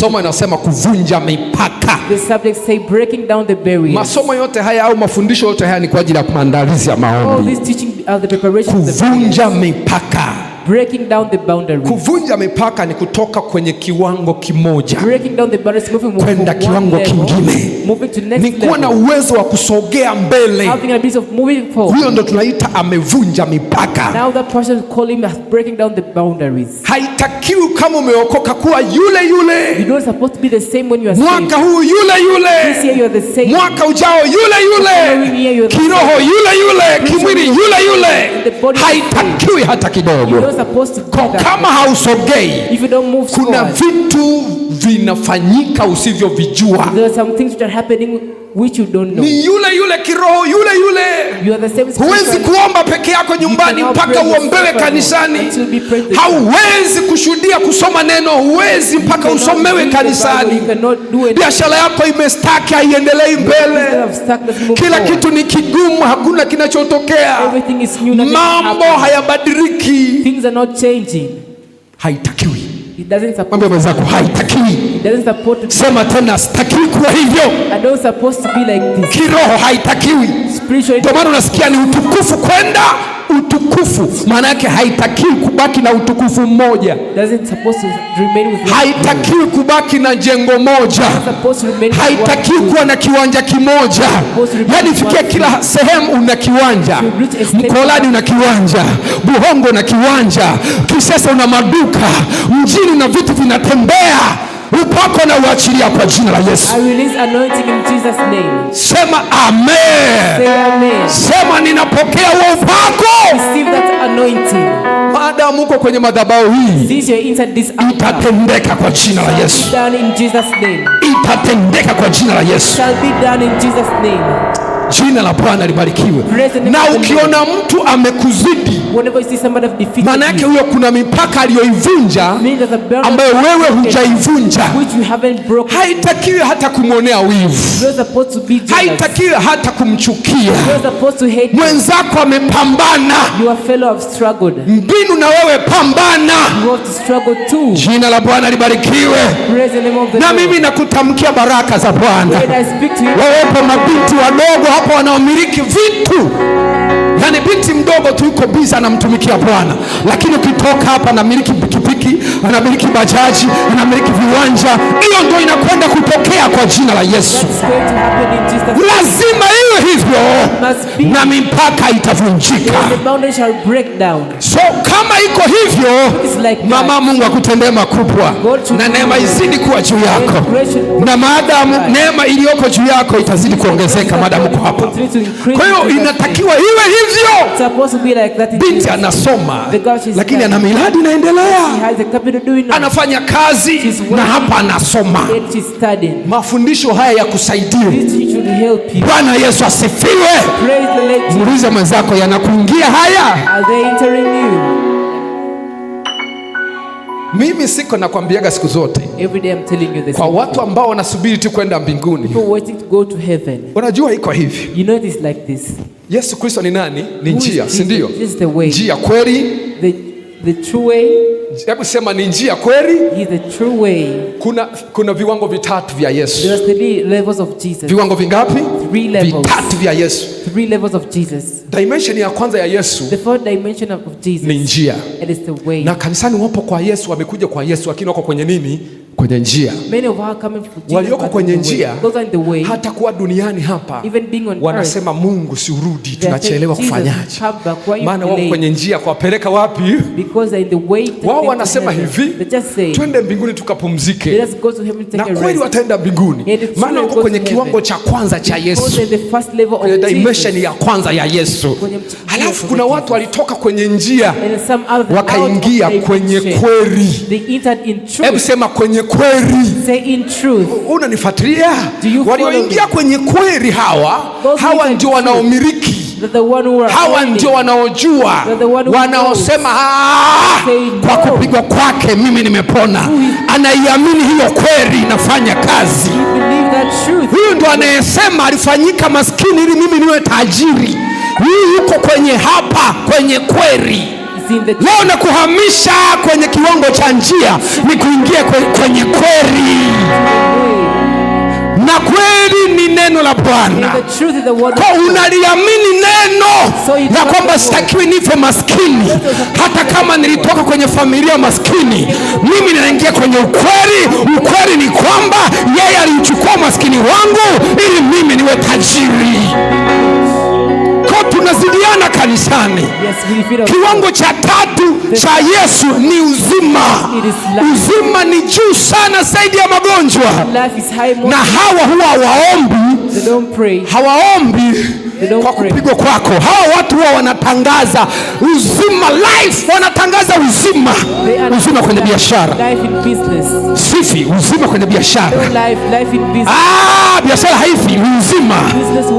Somo inasema kuvunja mipaka. The subject say breaking down the barriers. Masomo yote haya au mafundisho yote haya ni kwa ajili ya maandalizi ya maombi. All this teaching are the preparation of the kuvunja mipaka. Breaking down the boundaries. Kuvunja mipaka ni kutoka kwenye kiwango kimoja kwenda kiwango kingine, ni kuwa na uwezo wa kusogea mbele. Huyo ndo tunaita amevunja mipaka. Haitakiwi kama umeokoka kuwa yule yule mwaka huu, yule yule mwaka ujao, yule yule kiroho, yule yule kimwili, yule yule, haitakiwi hata kidogo kama hausogei, kuna vitu vinafanyika usivyovijua. Which you don't know. Ni yule yule kiroho yule yule. Huwezi kuomba peke yako nyumbani mpaka uombewe kanisani. Hauwezi kushuhudia kusoma neno, huwezi mpaka usomewe kanisani. Biashara yako imestaki, haiendelei mbele, kila kitu ni kigumu, hakuna kinachotokea, mambo hayabadiriki are not changing. Haitakiwi. It doesn't support. Mwambie mwenzako haitakiwi. It doesn't support. Sema tena sitakiwi kuwa hivyo. I don't supposed to be like this. Kiroho haitakiwi. Spiritually. Ndio maana unasikia ni utukufu kwenda utukufu. Maana yake haitakiwi kubaki na utukufu mmoja, haitakiwi kubaki na jengo moja, haitakiwi kuwa na kiwanja kimoja. Yani fikia kila sehemu una kiwanja, Mkolani una kiwanja, Buhongo una kiwanja, Kisesa una maduka, mjini na vitu vinatembea upako na uachilia kwa jina la Yesu. Sema amen. Sema ninapokea huo upako. Maadamu uko kwenye madhabahu hii, itatendeka kwa jina la Yesu, itatendeka kwa jina la Yesu. Jina la Bwana libarikiwe. Na ukiona mtu amekuzidi, maana yake huyo kuna mipaka aliyoivunja ambayo wewe hujaivunja. haitakiwi hata kumwonea wivu, haitakiwi hata kumchukia mwenzako. Amepambana mbinu na wewe, pambana. Jina la Bwana libarikiwe. Na mimi nakutamkia baraka za Bwana. Wawepo mabinti wadogo wapo wanaomiliki vitu yani binti mdogo tu yuko biza anamtumikia Bwana, lakini ukitoka hapa namiliki pikipiki, anamiliki bajaji, anamiliki viwanja. Hiyo ndio inakwenda kutokea kwa jina la Yesu. Lazima iwe hivyo, na mipaka itavunjika. So kama iko hivyo, like mama, Mungu akutendee makubwa na neema izidi kuwa juu yako, na maadamu neema iliyoko juu yako itazidi kuongezeka maadamu uko hapa. Kwa hiyo inatakiwa iwe hivyo. Binti anasoma lakini ana miradi inaendelea, anafanya kazi na hapa anasoma. Mafundisho haya ya kusaidia. Bwana Yesu asifiwe. Muulize mwenzako, yanakuingia haya? Mimi siko nakwambiaga siku zote kwa watu ambao wanasubiri tu kwenda mbinguni. Unajua iko hivi, you know Yesu Kristo ni nani? Ni njia, si ndio? Njia kweli. Hebu sema ni njia kweli. Kuna, kuna viwango vitatu vya Yesu. Viwango vingapi? Vitatu vya Yesu. Dimension ya kwanza ya Yesu ni njia, na kanisani wapo kwa Yesu, wamekuja kwa Yesu, lakini wako kwenye nini? kwenye njia walioko kwenye njia hata kuwa duniani hapa wanasema earth, Mungu si urudi, tunachelewa kufanyaje? Maana wako kwenye njia kuwapeleka wapi? Wao wanasema hivi, twende mbinguni tukapumzike, na kweli wataenda mbinguni, maana wako kwenye kiwango cha kwanza cha Yesu, kwenye dimension ya kwanza ya Yesu. Halafu kuna watu walitoka kwenye njia wakaingia kwenye kweli, hebu sema kwenye kweli. Say in truth. Unanifuatilia? Walioingia kwenye kweli hawa, hawa ndio wanaomiliki hawa ndio wanaojua, wanaosema ah, kwa kupigwa kwake mimi nimepona. Anaiamini hiyo kweli, inafanya kazi. Huyu ndo anayesema alifanyika maskini ili mimi niwe tajiri. Huyu yuko kwenye hapa, kwenye kweli. Leo na kuhamisha kwenye kiwango cha njia ni kuingia kwenye kweli, na kweli ni neno la Bwana. Kwa unaliamini neno so kwamba sitakiwi nife maskini, hata kama nilitoka kwenye familia maskini, mimi ninaingia kwenye ukweli. Ukweli ni kwamba yeye aliuchukua maskini wangu ili mimi niwe tajiri tunazidiana kanisani. Kiwango cha tatu cha Yesu ni uzima. Uzima ni juu sana zaidi ya magonjwa, na hawa huwa hawaombi, hawaombi kwa kupigwa kwako. Hawa watu huwa wanatangaza uzima life, wanatangaza uzima, uzima kwenye biashara, sifi uzima kwenye biashara. Ah, biashara haifi, ni uzima.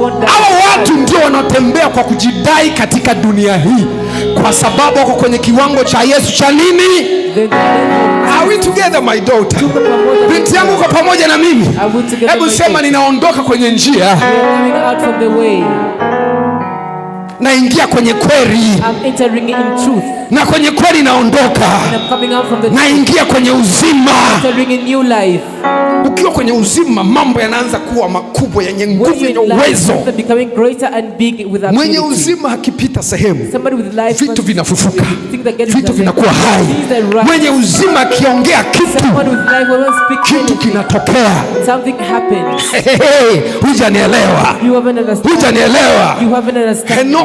Hawa watu ndio wanaotembea kwa kujidai katika dunia hii, kwa sababu wako kwenye kiwango cha Yesu cha nini? Are we together my daughter? Binti yangu uko pamoja na mimi? Hebu sema ninaondoka kwenye njia naingia kwenye kweli na kwenye kweli naondoka, naingia kwenye uzima. Ukiwa kwenye uzima, mambo yanaanza kuwa makubwa, yenye nguvu, yenye uwezo. Mwenye uzima akipita sehemu, vitu vinafufuka, vitu vinakuwa hai. Mwenye uzima akiongea kitu, kitu kinatokea. Hujanielewa, hujanielewa.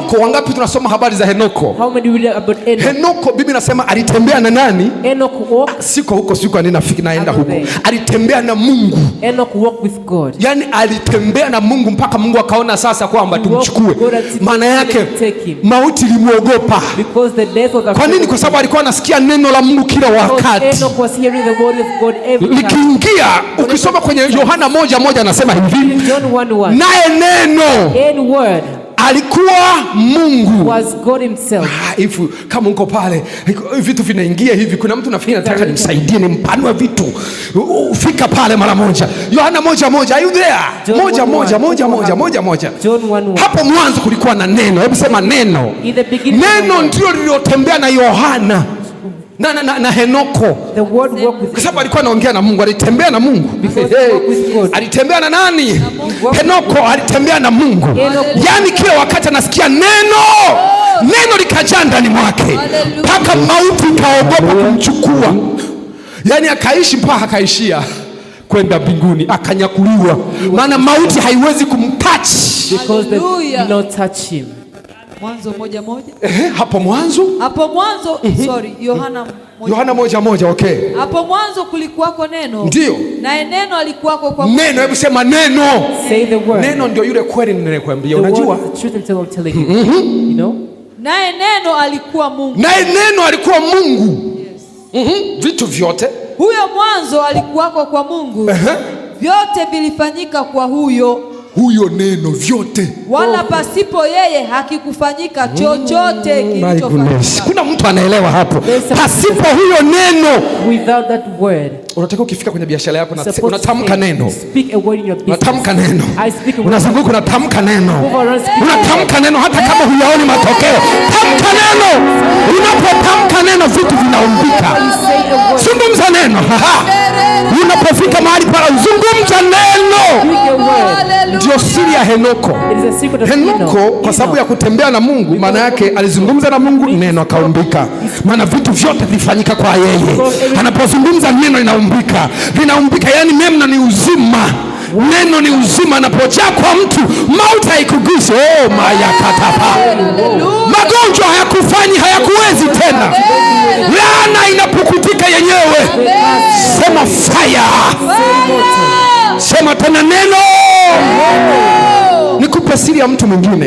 Henoko, wangapi tunasoma habari za Henoko? How many about Henoko? Henoko Biblia alitembea na nani? walk. Siko huko, siko naenda huko. Alitembea na Mungu. Henoko walk with God. Yaani alitembea na Mungu mpaka Mungu akaona sasa kwamba tumchukue. Maana yake mauti ilimwogopa. Kwa nini? Kwa sababu alikuwa anasikia neno la Mungu kila wakati likiingia. Ukisoma kwenye Yohana moja moja anasema hivi, naye neno alikuwa Mungu was God himself. Ah, if, kama uko pale vitu vinaingia hivi, kuna mtu nafikiri nataka nimsaidie nimpanue vitu, fika pale mara moja. Yohana moja moja, are you there? Moja moja moja moja moja moja. Hapo mwanzo kulikuwa na neno, hebu sema neno. Neno ndio lililotembea na Yohana na, na, na Henoko kwa sababu alikuwa anaongea na Mungu, alitembea na Mungu. alitembea na nani? Henoko alitembea na Mungu, yaani kila wakati anasikia neno neno likajaa ndani mwake mpaka mauti ikaogopa kumchukua, yaani akaishi mpaka akaishia kwenda mbinguni akanyakuliwa, maana mauti haiwezi kumtachi. Mwanzo moja moja. Ehe, hapo mwanzo hapo mwanzo mm -hmm. Sorry, Yohana mhm. moja Yohana moja moja, okay. Hapo mwanzo kulikuwako neno. Ndio. Na neno alikuwako kwa Mungu. Neno, hebu sema neno. Say the word. Neno ndio yule kweli ninayekwambia, unajua. Truth and telling telling. Mm -hmm. You know? Naye neno alikuwa Mungu. Naye neno alikuwa Mungu. Yes. Mm -hmm. Vitu vyote. Huyo mwanzo alikuwako kwa Mungu. Uh -huh. Vyote vilifanyika kwa huyo huyo neno vyote, wala oh. pasipo yeye hakikufanyika oh chochote kilichofanyika. Kuna mtu anaelewa hapo? Pasipo huyo neno, without Unataka ukifika kwenye biashara yako unatamka neno, unatamka neno, unazunguka unatamka neno, unatamka neno hata kama huyaoni matokeo. Tamka neno. Unapotamka neno, vitu vinaumbika. Zungumza neno Unapofika mahali pala, zungumza neno. Ndio siri ya Henoko. Henoko kwa sababu ya kutembea na Mungu, maana yake alizungumza na Mungu, neno akaumbika, maana vitu vyote vilifanyika kwa yeye. Anapozungumza neno inaumbika, linaumbika, yani mema ni uzima Neno ni uzima, napojaa kwa mtu mauti haikugusi. Oh, mayakatapa, magonjwa hayakufanyi, hayakuwezi tena. Laana inapukutika yenyewe. Sema fire, sema tena neno kukupa siri ya mtu mwingine,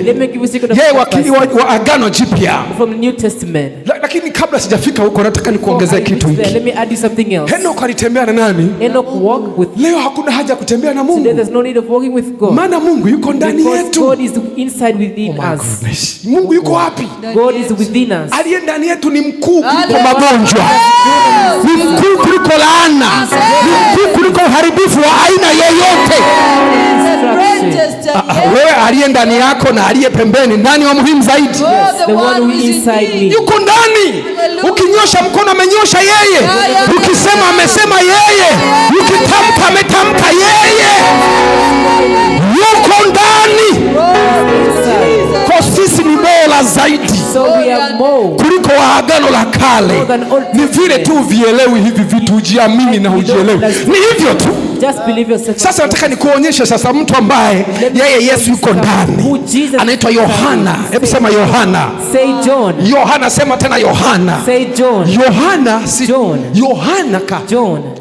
yeye wakili wa, wa Agano Jipya. Lakini kabla sijafika huko, nataka nikuongezee kitu hiki. Henoko alitembea na nani? Leo hakuna haja ya kutembea na Mungu, maana Mungu yuko ndani yetu. Oh Mungu yuko wapi? Aliye ndani yetu ni mkuu kuliko magonjwa, ni mkuu kuliko laana, ni mkuu kuliko uharibifu wa aina yeyote. yoyote aliye ndani yako na aliye pembeni. Nani wa muhimu zaidi? Yuko ndani. Ukinyosha mkono amenyosha yeye, ukisema amesema yeye, ukitamka ametamka yeye. Yuko ndani. Kwa sisi ni bora zaidi kuliko wa Agano la Kale. Ni vile tu vielewi hivi vitu, ujiamini na ujielewi, ni hivyo tu. Sasa nataka nikuonyeshe sasa mtu ambaye yeye Yesu yuko ndani, anaitwa Yohana. Hebu sema Yohana, Yohana, sema tena Yohana. Yohana si Yohana ka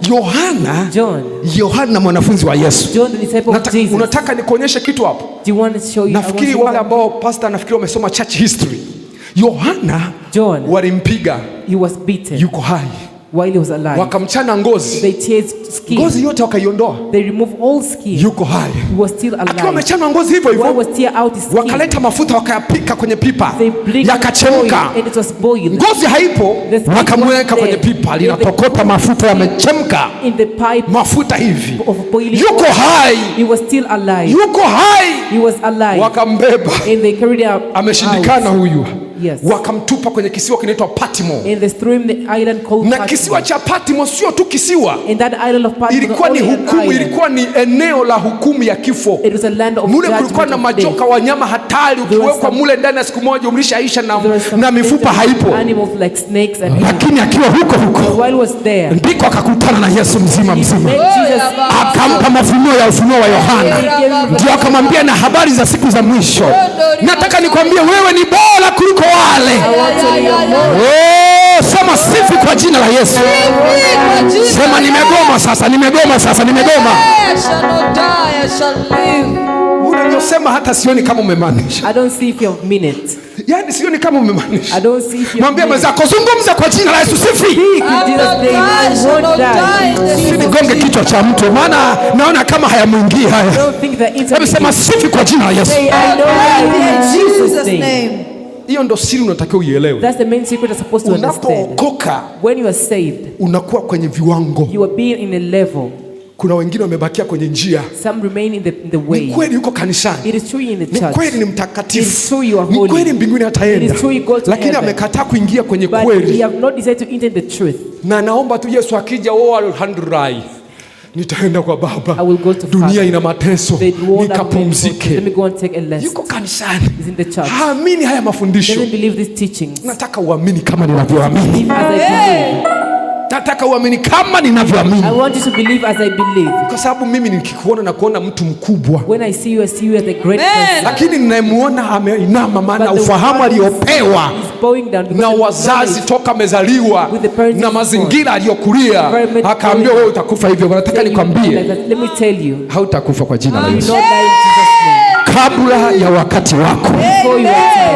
Yohana, Yohana mwanafunzi wa Yesu. Unataka nikuonyeshe kitu hapo? Nafikiri wale ambao pastor, nafikiri wamesoma church history, Yohana walimpiga, yuko hai while he was alive. Wakamchana ngozi. They tears skin. Ngozi yote wakaiondoa. They remove all skin. Yuko hai. He was still alive. Akiwa amechana ngozi hivyo hivyo. While was tear out his skin. Wakaleta mafuta wakayapika kwenye pipa. Yakachemka. And it was boiled. Ngozi haipo wakamweka kwenye pipa linatokota mafuta yamechemka. In the pipe. Mafuta hivi. Of boiling. Yuko hai. He was still alive. Yuko hai. He was alive. Wakambeba. And they carried him. Ameshindikana huyu yes. Wakamtupa kwenye kisiwa kinaitwa Patmo, na kisiwa cha Patmo sio tu kisiwa, ilikuwa ni hukumu, ilikuwa ni eneo la hukumu ya kifo. Mule kulikuwa na majoka, wanyama hatari, ukiwekwa mule ndani ya siku moja umlisha na, na mifupa haipo, lakini akiwa huko huko ndiko akakutana na Yesu mzima mzima, akampa mafunuo ya ufunuo wa Yohana, ndio akamwambia na habari za siku za mwisho. Nataka nikwambie wewe ni bora kuliko wale. sema sifi kwa jina la Yesu. Sema nimegoma sasa, nimegoma sasa, nimegoma. Unavyosema hata sioni kama umemaanisha. I don't see if you meant it. Yaani sioni kama umemaanisha. I don't see if you've. Mwambie mwenzako zungumza kwa jina la Yesu sifi. Gonge kichwa cha mtu maana naona kama hayamwingii haya. Hebu sema sifi kwa jina la Yesu. I know in Jesus name hiyo ndo siri unatakiwa uielewe. That's the main secret you're supposed to understand. Unapookoka, when you are saved, unakuwa kwenye viwango. You are being in a level. Kuna wengine wamebakia kwenye njia. Some remain in the, in the way. Ni kweli yuko kanisani. It is true in the church. Ni kweli ni mtakatifu. It is true you are holy. Ni kweli mbinguni ataenda. It is true you go to Lakini amekataa kuingia kwenye kweli. But we have not decided to enter the truth. Na naomba tu Yesu akija wao oh, alhandrai nitaenda kwa baba, dunia ina mateso, nikapumzike. Yuko kanisani haamini haya mafundisho. Nataka uamini kama ninavyoamini. Nataka uamini kama ninavyoamini. I want you to believe as I believe. Kwa sababu mimi nikikuona na kuona mtu mkubwa. When I see you, you great person. Lakini ninayemuona ameinama maana ufahamu aliopewa na wazazi toka amezaliwa na mazingira aliyokulia, akaambia wewe utakufa hivyo. Nataka nikwambie, hautakufa kwa jina la Yesu kabla ya wakati wako,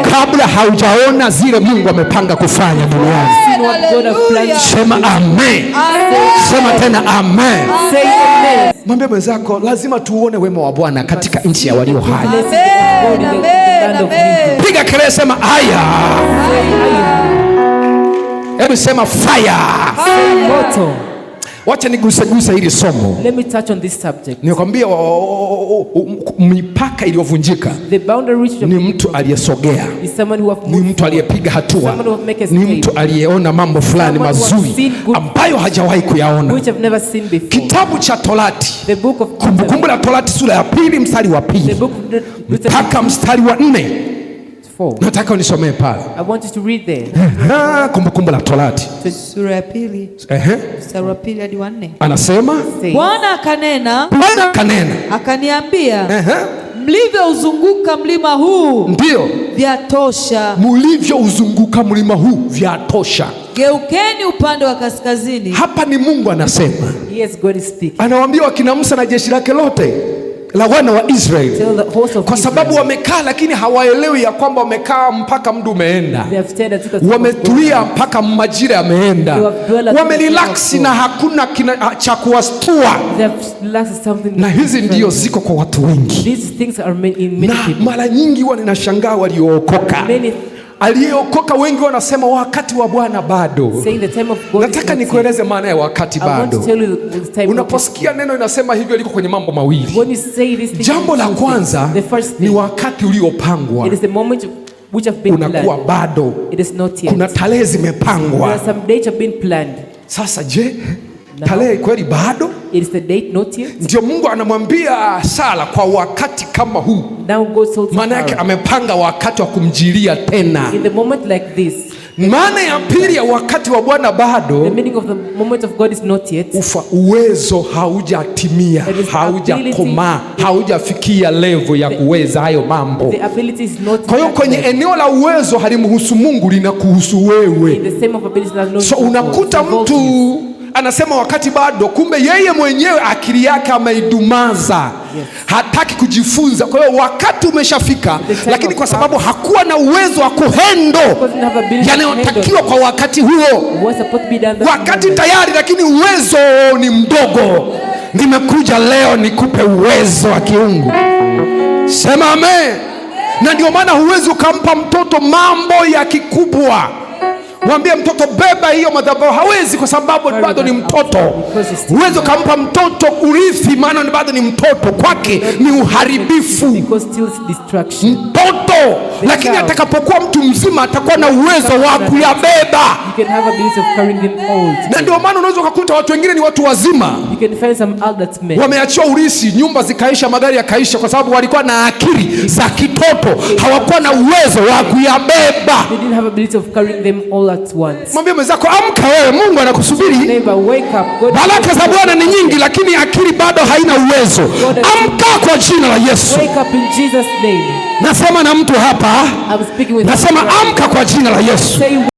kabla haujaona zile Mungu amepanga kufanya duniani. Sema amen, sema tena amen. Mwambie mwenzako, lazima tuone wema wa Bwana katika nchi ya walio hai. Piga kelele, sema haya. Hebu sema fire, moto. Wacha niguseguse hili somo. Let me touch on this subject. Nikwambia mipaka iliyovunjika ni mtu aliyesogea, ni mtu aliyepiga hatua, ni mtu aliyeona mambo fulani mazuri ambayo hajawahi kuyaona. Kitabu cha Torati, Kumbukumbu la Torati sura ya pili mstari wa pili mpaka mstari wa nne Nataka unisomee pale eh, eh, Kumbukumbu la Torati sura ya pili sura ya pili hadi Anasema Bwana akanena, Bwana akanena akaniambia mlivyouzunguka mlima huu ndio vyatosha, mlivyouzunguka mlima huu vyatosha, geukeni upande wa kaskazini. Hapa ni Mungu anasema, yes, God is speaking. Anawaambia wakina Musa na jeshi lake lote la wana wa Israeli, kwa sababu wamekaa, lakini hawaelewi ya kwamba wamekaa mpaka mdu umeenda, wametulia mpaka majira yameenda, wamerilaksi na hakuna ah, cha kuwastua. Na hizi ndio ziko kwa watu wengi, na mara nyingi huwa ninashangaa waliookoka aliyeokoka wengi wanasema wakati wa Bwana bado. Nataka nikueleze maana ya wakati bado. Unaposikia neno inasema hivyo, liko kwenye mambo mawili. Jambo la kwanza ni wakati uliopangwa unakuwa bado, kuna tarehe zimepangwa. Sasa je tarehe kweli bado ndio Mungu anamwambia Sara kwa wakati kama huu, maana yake amepanga wakati wa kumjilia tena. Maana ya pili ya wakati wa Bwana bado, ufa uwezo haujatimia, haujakomaa, haujafikia levo ya kuweza hayo mambo. Kwa hiyo kwenye eneo la uwezo halimhusu Mungu, linakuhusu wewe. So unakuta mtu anasema wakati bado, kumbe yeye mwenyewe akili yake ameidumaza, yes. Hataki kujifunza. Kwa hiyo wakati umeshafika, lakini kwa sababu hakuwa na uwezo wa kuhendo yanayotakiwa kwa wakati huo, wakati tayari, lakini uwezo ni mdogo. Nimekuja leo nikupe uwezo wa kiungu, sema amen. Na ndio maana huwezi ukampa mtoto mambo ya kikubwa Mwambie mtoto beba hiyo madhabahu. Hawezi kwa sababu bado ni mtoto. Huwezi ukampa mtoto urithi, maana bado ni mtoto, kwake ni uharibifu. Mtoto, lakini atakapokuwa mtu mzima atakuwa na uwezo wa kuyabeba, na ndio maana unaweza ukakuta watu wengine ni watu wazima wameachiwa urithi, nyumba zikaisha, magari yakaisha, kwa sababu walikuwa na akili za kitoto, hawakuwa na uwezo wa kuyabeba. Mwambie mwenzako amka wewe, Mungu anakusubiri. Baraka za Bwana ni nyingi, lakini akili bado haina uwezo. Amka kwa jina la Yesu. Nasema na mtu hapa, nasema amka kwa jina la Yesu.